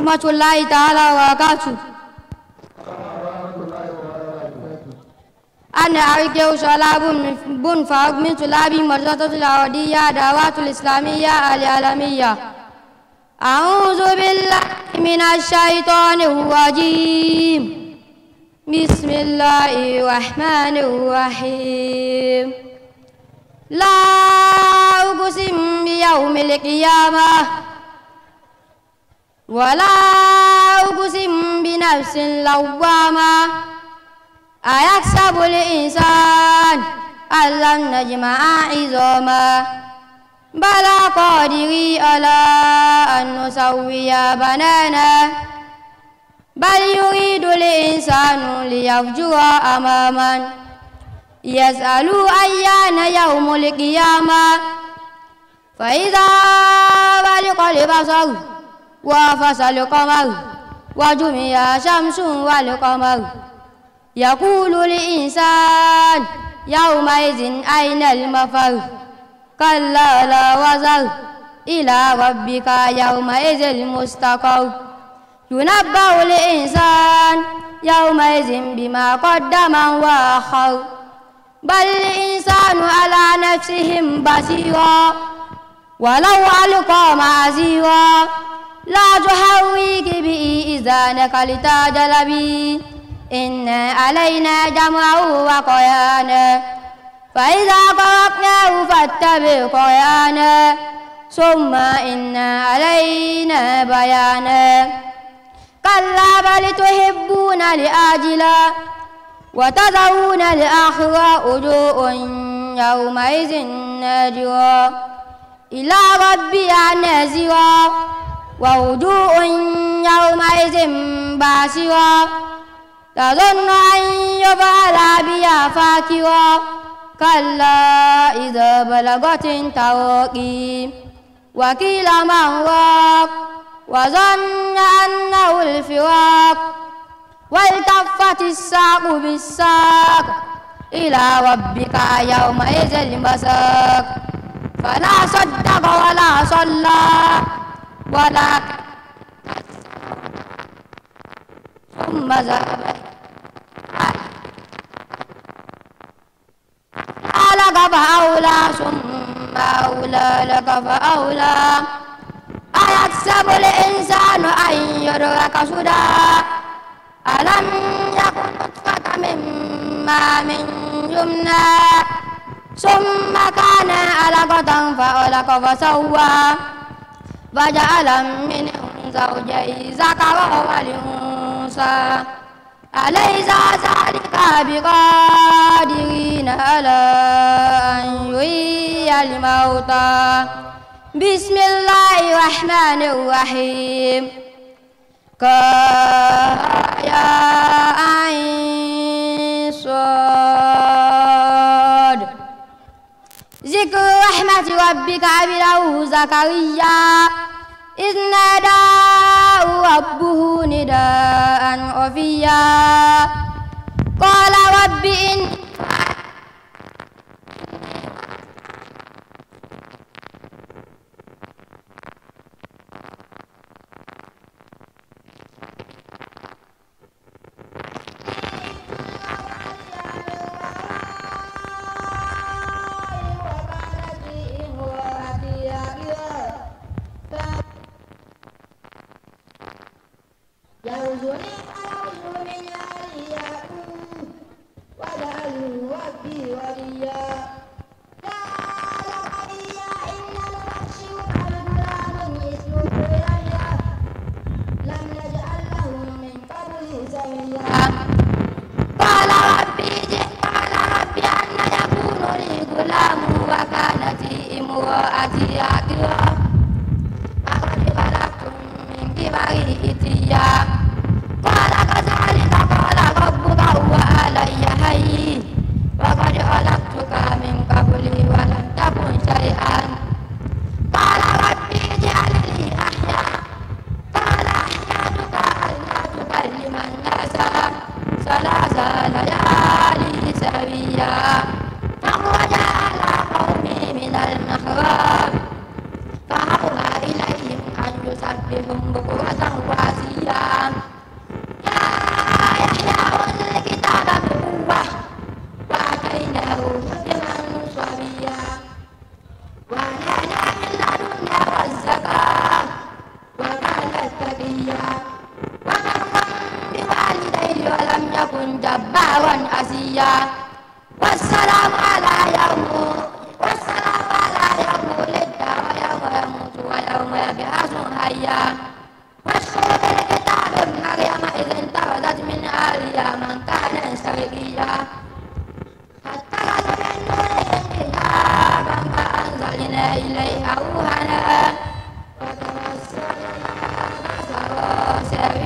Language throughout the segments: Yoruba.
ورحمة الله تعالى وبركاته أنا أرجو سلام بن فاروق من طلاب مرتبة العودية دعوات الإسلامية العالمية أعوذ بالله من الشيطان الرجيم بسم الله الرحمن الرحيم لا أقسم بيوم القيامة wala uqsim bi nafsin lawwama ayaksabu insan allam najma'a izama bala qadiri ala an nusawwiya banana bal yuridu al insanu liyafjura amaman yas'alu ayyana yawmul qiyamah fa idza baliqa al وفصل القمر وجمع شمس والقمر يقول الإنسان يومئذ أين المفر كلا لا وزر إلى ربك يومئذ المستقر ينبأ الإنسان يومئذ بما قدم وأخر بل الإنسان على نفسهم بصيرا ولو ألقى معزيرا لا تهويك به إذانك لتاجل به إن علينا جمعه وقيانه فإذا قرأناه فاتبع قرآنه ثم إن علينا بيانه كلا بل تحبون لآجلا وتذرون لآخر وجوء يومئذ ناجرا إلى ربها نازرا ووجوه يومئذ باسرة تظن أن يفعل بها فاكرة كلا إذا بلغت التراقي وقيل من راق وظن أنه الفراق والتفت الساق بالساق إلى ربك يومئذ المساق فلا صدق ولا صلى ولا ثم ذهب لك فأولى ثم أولى لك فأولى أيحسب الإنسان أن يدرك سدى ألم يكن نطفة مما من يمنى ثم كان علقة فألق فسوى فجعل منهم زوجي ذكر والأنثى أليس ذلك بقادرين على أن يحيي الموتى بسم الله الرحمن الرحيم كايا عين رحمة ربك عبده زكريا إذ ناداه ربه نداء خفيا قال رب إني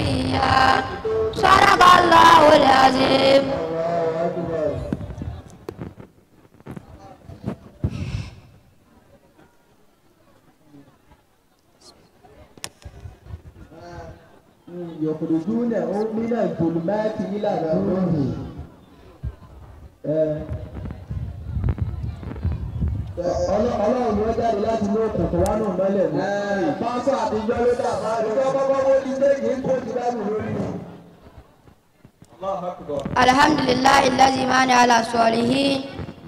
الأنبياء صدق الله العظيم يخرجونه من الظلمات إلى النور ọlọ́run ni wọ́n jáde láti mú òkùnkùn wá náà mọ́lẹ̀ mú. pásọ àtijọ́ ló dà bá rí kọ́kọ́ kó di déjì kó di dáàbò lórí. alhamdulillahi allazi mani ala sọlihi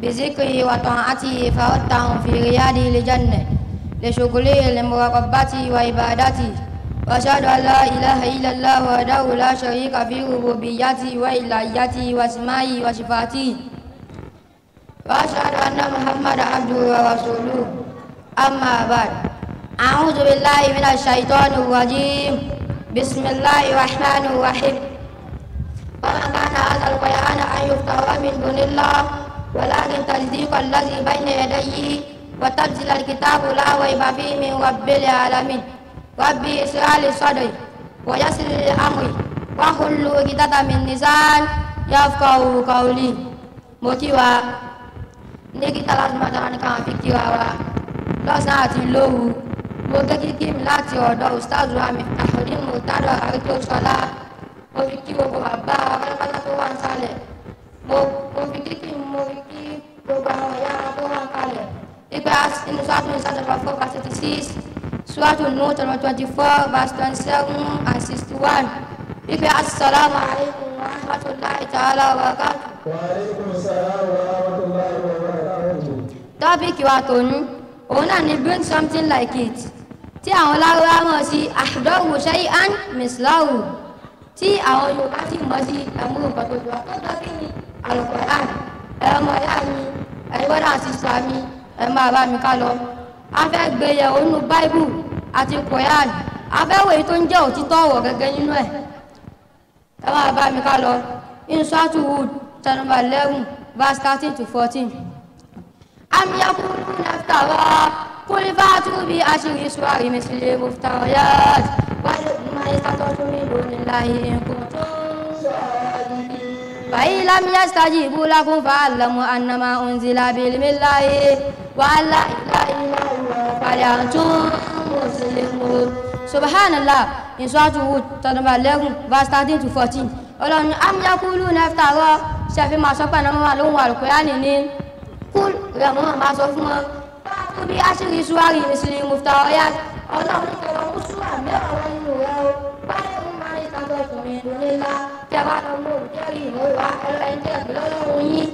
bizikiri wa ta'atihi fawọtahun fi riyadi lijanna lishuguli limurabati wa ibadati واشهد ان لا اله الا الله وحده لا شريك في ربوبيته والهيته واسمائه وصفاته وأشهد أن محمدا عبده ورسوله أما بعد أعوذ بالله من الشيطان الرجيم بسم الله الرحمن الرحيم وما كان هذا القرآن أن يفترى من دون الله ولكن تصديق الذي بين يديه وتنزل الكتاب لا ريب فيه من رب العالمين ربي اسرع لصدري صدري ويسر لأمري وخلوا كتابا من نزال يفقه قولي موتي နေကတလားမှာတာနကဖြစ်ကြပါဘာလောစာချင်းလို့မိုတကြီးကင်းလာကျော်တော့ ustaz ရမယ်အခုရင်မူတာတော့အဲ့ကျော်ဆလာပိုကြီးဘောဘာဘာဘာတော့ဝမ်းစားလေမိုပိုကြီးကင်းမိုကြီးဘောဘာရာဘောကားလေဒီပါစင်းစားမစားတော့ဖောက်ပါစတီစစွာတို့နော်24ဘတ်တန်ဆောင်အစစ်တဝမ်းဒီပါအစ္စလာမ်အလိုင်းမ်ဝါရမတ်လာဟီတာလာဝါကာ وعليكم السلام ورحمة الله وبركاته tọ́pìkì wa tòní òun náà ni bring something like it tí àwọn lárúbá mọ̀ sí àdọ́wò ṣẹ́yí and misláwù tí àwọn yorùbá sì mọ̀ sí ẹ̀múrò pàtòjò àtọ́jọ́ kí ni àlùkò àn ẹ̀rọ ìyá mi ẹ̀yọ́dà sísá mi ẹ̀ máa bá mi ká lọ. a fẹ́ gbé yẹ̀ onú báíbù àti kòyàn a èyí tó ń jẹ́ òtítọ́ ọ̀wọ̀ gẹ́gẹ́ nínú ẹ̀ ẹ̀ máa mi ká lọ. in swatu wood tẹnumba eleven verse thirteen to fourteen. أم يقولون افتراه قل فاتوا بأشر سوار مثل المفتريات وادعوا ما استطعتم من دون الله إن كنتم فإن لم يستجيبوا لكم فاعلموا أنما أنزل بعلم الله وأن لا إله إلا هو فلأنتم مسلمون سبحان الله إن surah Hud chapter number eleven verse thirteen to 14 ọlọ́run أم يقولون iftara شافي ما máa sọ pé àwọn ọmọ كل يا مهما صرف ما بي عشر يسواري مثل المفتريات الله يكرم مسوا ما وين وياه بعدهم ما يتعبوا من دون الله كما تمر جري هو كل انت بلا وني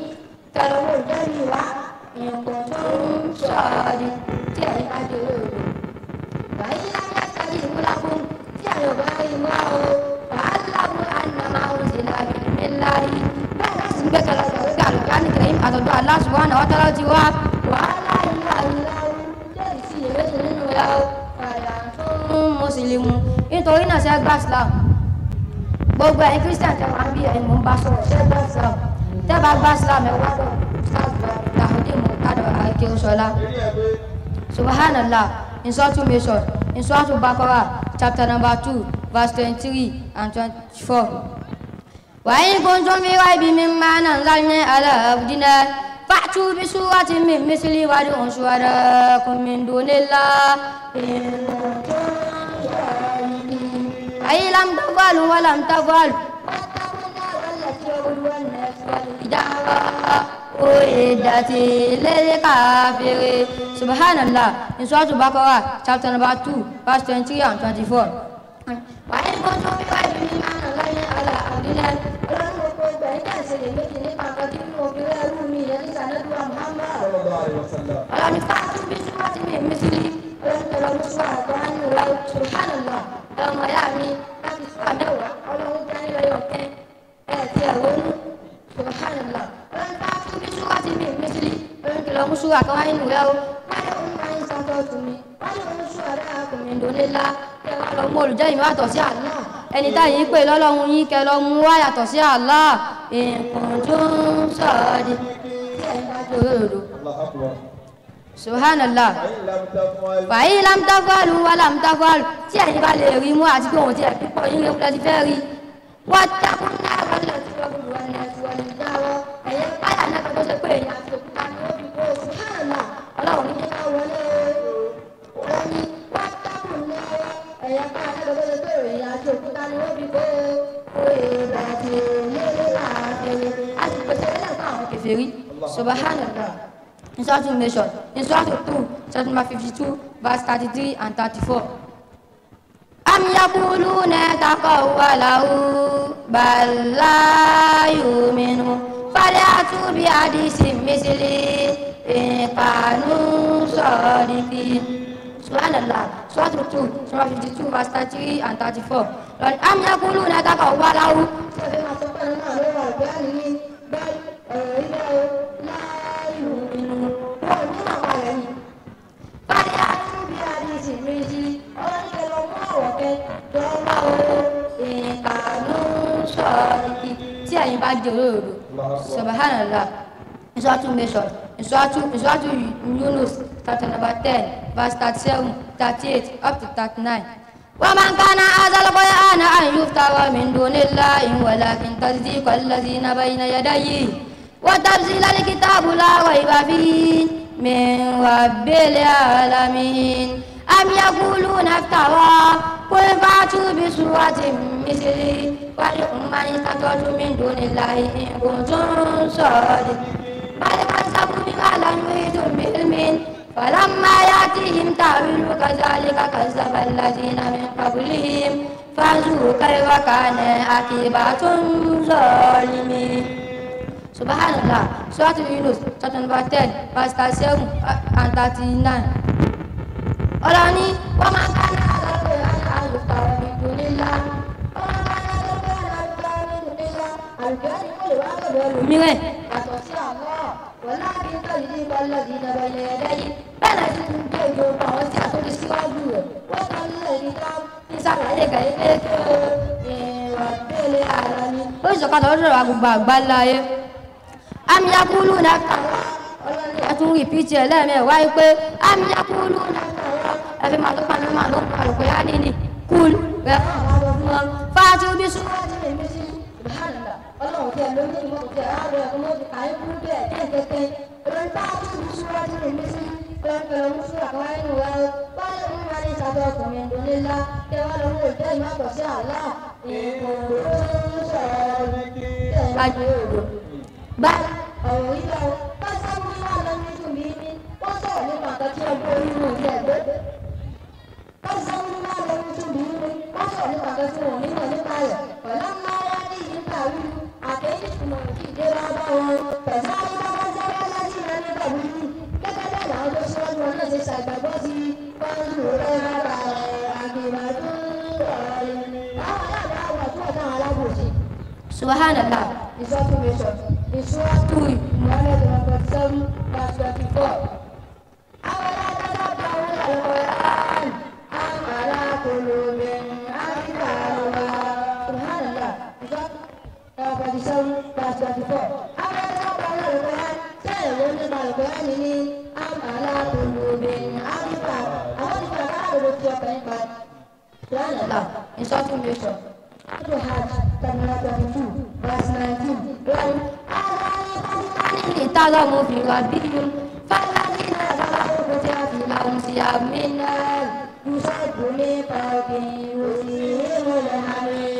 تمر جري هو يوم تمر شادي تعبت وين Allah subhanahu wa ta'ala ti wá wàhálà ìlà ìlà orílẹ̀ ìsiyèméjì nínú ìyá ọ̀yà tó mùsùlùmù nítorí náà ṣe gba Islam gbogbo ẹ̀yin Christian tẹ̀ wá ń bí ẹ̀yin mò ń bá sọ̀rọ̀ ṣe gba Islam tẹ́ bá gba Islam ẹ̀ wá lọ Sàbùdí Mùkádọ̀ Akínsọ́lá subhanallah in Suratul Maisarah in Suratul chapter number two verse twenty-three and twenty-four. وإن كنتم في ريب مما نزلنا على عبدنا فأتوا بسورة من مثلي وادعوا شهداءكم من دون الله أي لم تفعلوا ولم تفعلوا أعدت للكافرين سبحان الله in Surah Al-Baqarah chapter number 2 verse 23 and 24 وإن كنتم في ريب مما نزلنا على عبدنا فلن نقول بأن سيدنا قد يكون Alam ìfáàtú bí síwájú mi mi ti rí olóńtẹ̀lọ́ mú sọ àgbọ̀n á ní ìwà subhanallah ọmọ ìyá mi láti sọ àmẹ́wàá ọlọ́run jẹ́ nílẹ̀ ọ̀kẹ́ ẹ̀ tí ẹ̀ wọnú subhanallah olóńtẹ̀lọ́ bí síwájú mi mi ti rí olóńtẹ̀lọ́ mú sọ àgbọ̀n á ní ìwà o wáyé òun máa ń sọ tọ́tù mi wáyé òun sọ ọ̀rẹ́ akùnrin ìdónílá ẹni tá yìí pé lọ́lọ́run yín kẹ́ lọ mú wá yàtọ̀ sí Allah ìkùnjú sọ̀ọ́dí di ẹ̀ ń bá jòrò subhanallah fàyí lamtafàlù wà lamtafàlù tí ẹ̀yin bá lè rí mú àti pé òun ti ẹ̀kú pọ̀ yín lókun lẹ́tí fẹ́ rí wọ́n dákun náà wọ́n lọ sí ọdún wọn ní ẹ̀sùn wọn ní ìdáwọ́ ẹ̀yẹ páyà náà tó ṣe pé èèyàn àti òkúta ni ó fi kó subhanallah ọlọ́run ní kíkọ́ wọlé omi wọ́n dákun náà ẹ̀yẹ páyà náà tó ṣe pé èèyàn àti òkúta ni ó fi kó subhanallah in Surah Nation, in Surah 2, Surah number 52, verse 33 and 34. أم يقولون تقوله بل لا يؤمنون فليأتوا بحديث مثله إن كانوا صادقين Subhanallah. Surah 2, Surah 52, verse 33 and 34. Lord, am yakuluna taqawwalahu di olóòdo subhanallah nsọ́tún mẹ́sọ̀ nsọ́tún nsọ́tún Yunus chapter number ten verse thirty seven thirty eight up to thirty nine. ومن كان هذا القرآن أن يفتر من دون الله ولكن تصديق الذين بين يديه وتفصيل الكتاب لا ريب فيه من رب العالمين يقولون افترى قل فاتوا بسورة مثله ولكم من استطعتم من دون الله إن كنتم صادقين بل كذبوا بما لم يحيطوا بعلم فلما يأتيهم تأويل كذلك كذب الذين من قبلهم فانظروا كيف كان عاقبة الظالمين subhanallah surah yunus chapter number ten verse thirty seven and thirty nine ọ̀rọ̀ ni wọ́n máa bá náà lọ́pẹ́ ọ̀nà àlùkò ìlú nílá wọ́n máa bá náà lọ́pẹ́ ọ̀nà àlùkò ìlú nílá àlùkò ẹni kò lè wá lọ́dọ̀ ẹlòmíràn sí àlọ́ wọlá bí n tọ́jú ní bọ́lá di ìdàgbà ilẹ̀ ẹ̀dá yìí bẹ́ẹ̀ náà ti tún gbé ojú ọkọ̀ àwọn tí àtúndì síwájú rẹ̀ wọ́n tọ́ nílẹ̀ ní ká ní sàlàyé kàyé pé kí o ìwà àlọ́ ni. ó sì sọ̀kadà ó sọ̀rọ̀ àgùnbà àgbáńlá ayé. àmì yakulu náà kàwá ọlọ́ni ẹ̀tún rìpíìtì ẹ fi máa tó pàmì máa tó àlùkò yá ni ni kúl rẹ fún àwọn ọmọ fún fáájú bí sùn láti lè mí sí ìbáraẹnìlá ọlọ́run tẹ ló ní ìmọ̀ tẹ àárọ ẹ̀kọ́ mọ́ àyè kúrú bẹ́ẹ̀ tẹ̀ tẹ̀tẹ̀ olórí fáájú bí sùn láti lè mí sí pẹ̀lẹ́pẹ̀lẹ́ ń fún àkàwé nù wá wáyé mú wá ní ìsàbẹ̀ ọkùnrin ìdónílá kẹwàá lọ́wọ́ ìjẹ́ báyìí ọ̀rọ̀ yíyá o bá sáwọn ìwà lọ́nà ìdùnnú yìí ni wọ́n sọ̀rọ̀ nípa àkàtúntò orí ìrùn ìjẹ́ ẹ̀gbẹ́ wọ́n sọ nípa lórí túbí ní wọ́n sọ nípa pé fún òní mọ̀ nípa rẹ̀ pẹ̀lú máa ní ìyípa wí àtẹ̀yìn ìtumọ̀ ìdè wa bá wọn pẹ̀lú ayélujára sábà láti rẹ̀ nípa wí gẹ́gẹ́ bẹ́ẹ̀ làwọn subhanallah ìsọfúnmi sọ ìṣúra tó kamu firwadiyun Falahina salahu kerja di laum siap minal Usai bumi pagi usihi mulai hari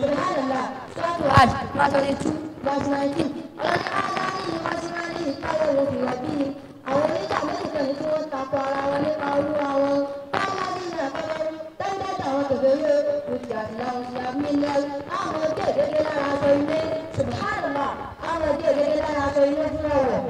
Subhanallah Suatu hari Masa itu Masa naikin Alani alani Masa naikin Kalau firwadiyun Awal ini tak menikah Tak pola wani tahu lah, awal Falahina kabaru Dan tak tahu kebeyo Kerja di laum siap minal Kerja di laum siap minal Subhanallah dia dia dia dia dia dia dia dia dia dia dia dia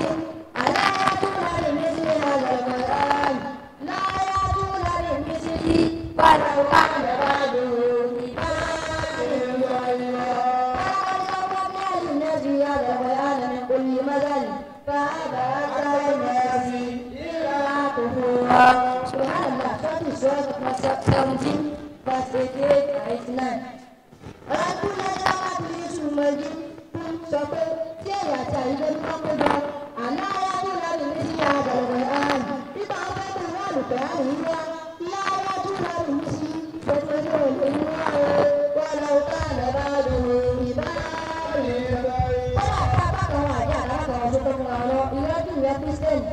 17, verse 88 and 9. Ọlágúnlẹ́dá Adúlísù Mọ̀lí fún sọ pé tí èyí àti àyíké ń bá pé jọ, àná ayájúlọ́ọ̀lù ní sí àgbàlagbà ààrùn. Nígbà wọn fẹ́ bí wọ́n lù pé àrùn yìí wá, ìyá ayájúlọ́ọ̀lù ní sí gbogbo ní òun ní wá o, wọ́n lọ bá àlọ́bá lòwò ìbá rè é. Wọ́n wà fún abákan wọn àjẹ́ àlàkọ̀ ọ̀dọ́ tó fún wa lọ, ìrọ́jú ìrẹ́ Kristẹni,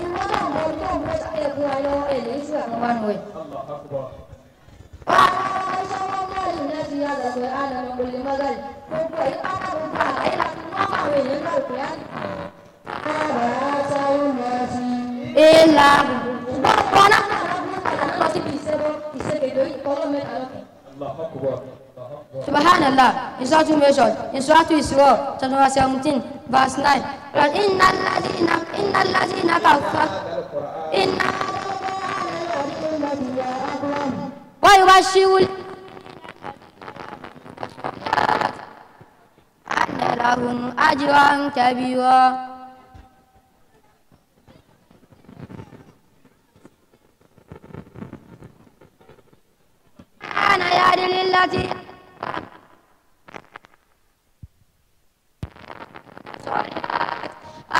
ìwọ́n náà mọ أكبر هذا القرآن من كل مغل حب يقرب فاعل وقع للقرآن فما سوى إلا ربنا Subhanallah, in Surah Al-Measure, in Surah Al-Isra, chapter 17, verse 9. Inna allazina, inna allazina kafaru, inna ويبشر أن لهم أجرا كبيرا أنا يد التي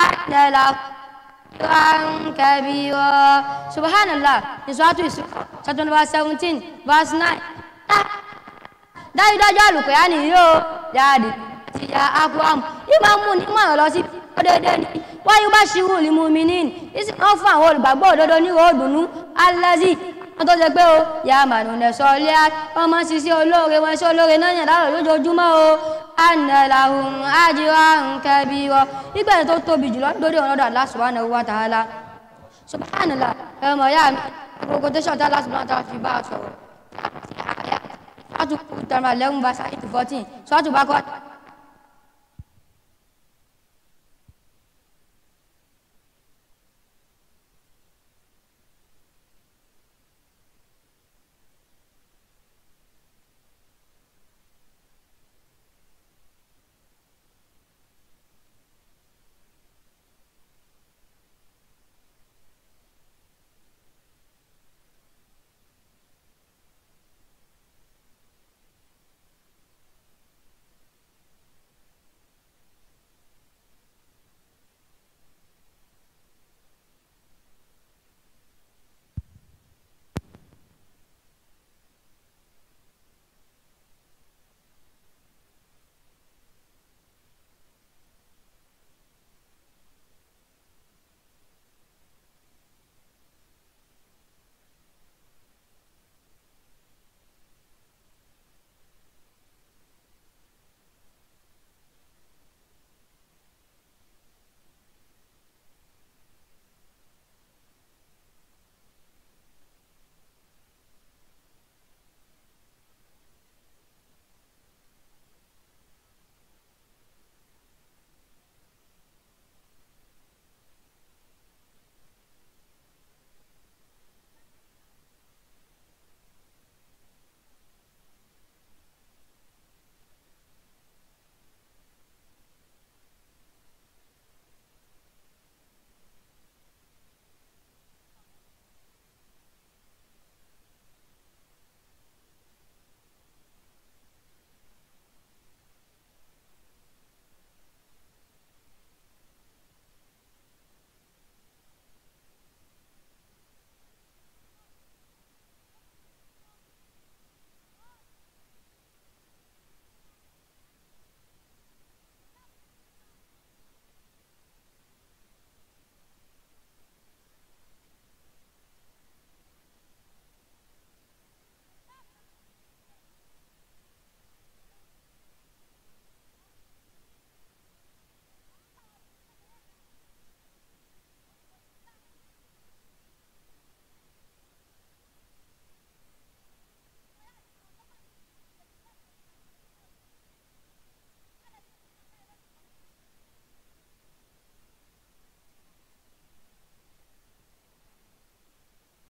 أن لهم ذكرا كبيرا سبحان الله in Surah Isra chapter number seventeen verse nine. dájúdájú àlùkòyà ke o jáde ti ya abraham ìmọ̀ mú ní mọ̀ràn lọ sí ó déédéé ni wáyé bá ṣirú lil mu'minin ìsìn kan fún àwọn olùgbàgbọ́ òdodo ní ròódùnú alẹ́sì wọ́n tó ṣe pé o yà mànù nẹ̀sọ́ ilé á wọ́n máa ń ṣiṣẹ́ olóore wọn ṣe olóore náà yàn láàrọ̀ lójoojúmọ́ o ànàlàhùn àjírà nǹkan bí wọ́n nígbà tó tóbi jùlọ lórí ọ̀nà Allah subhanahu wa ta'ala subhanallah ẹ̀rọ ìyá mi gbogbo tẹ́sán tí Allah subhanahu wa ta'ala fi bá a sọ̀rọ̀ sọ́tù kú tẹ̀rọ